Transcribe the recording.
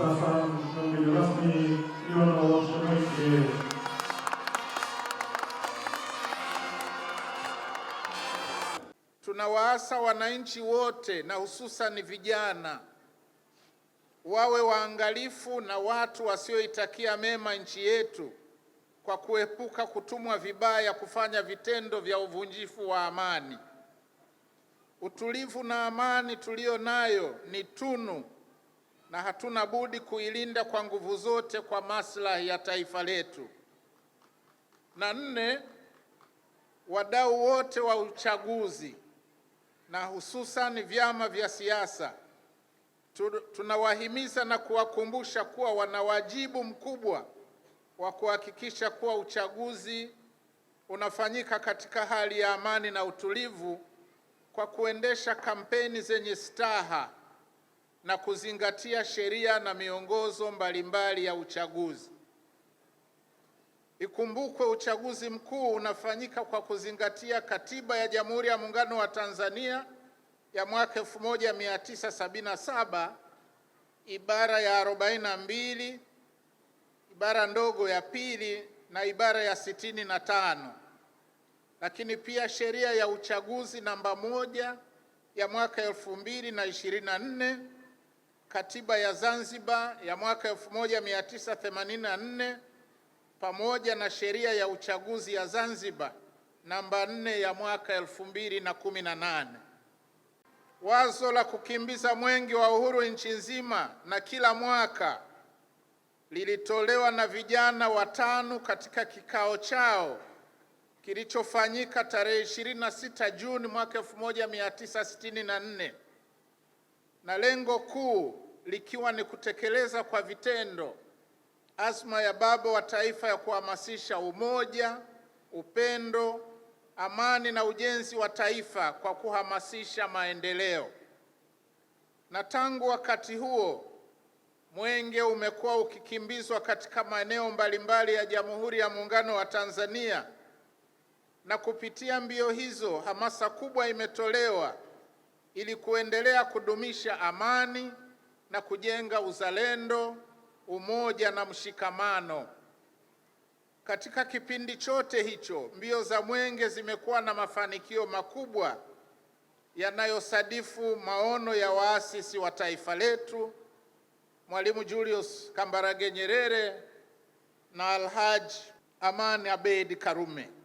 Sasa mgeni rasmi Tunawaasa wananchi wote na hususan vijana wawe waangalifu na watu wasioitakia mema nchi yetu kwa kuepuka kutumwa vibaya kufanya vitendo vya uvunjifu wa amani. Utulivu na amani tuliyo nayo ni tunu na hatuna budi kuilinda kwa nguvu zote kwa maslahi ya taifa letu. Na nne, wadau wote wa uchaguzi na hususan vyama vya siasa tunawahimiza na kuwakumbusha kuwa wana wajibu mkubwa wa kuhakikisha kuwa uchaguzi unafanyika katika hali ya amani na utulivu kwa kuendesha kampeni zenye staha na kuzingatia sheria na miongozo mbalimbali ya uchaguzi. Ikumbukwe uchaguzi mkuu unafanyika kwa kuzingatia Katiba ya Jamhuri ya Muungano wa Tanzania ya mwaka 1977 ibara ya 42 ibara ndogo ya pili na ibara ya sitini na tano lakini pia sheria ya uchaguzi namba moja ya mwaka 2024 na katiba ya Zanzibar ya mwaka 1984 pamoja na sheria ya uchaguzi ya Zanzibar namba 4 ya mwaka 2018. Wazo la kukimbiza mwenge wa uhuru nchi nzima na kila mwaka lilitolewa na vijana watano katika kikao chao kilichofanyika tarehe 26 Juni mwaka 1964 na lengo kuu likiwa ni kutekeleza kwa vitendo azma ya Baba wa Taifa ya kuhamasisha umoja, upendo, amani na ujenzi wa taifa kwa kuhamasisha maendeleo. Na tangu wakati huo mwenge umekuwa ukikimbizwa katika maeneo mbalimbali ya Jamhuri ya Muungano wa Tanzania, na kupitia mbio hizo hamasa kubwa imetolewa ili kuendelea kudumisha amani na kujenga uzalendo, umoja na mshikamano. Katika kipindi chote hicho, mbio za Mwenge zimekuwa na mafanikio makubwa yanayosadifu maono ya waasisi wa taifa letu Mwalimu Julius Kambarage Nyerere na Alhaji Amani Abeid Karume.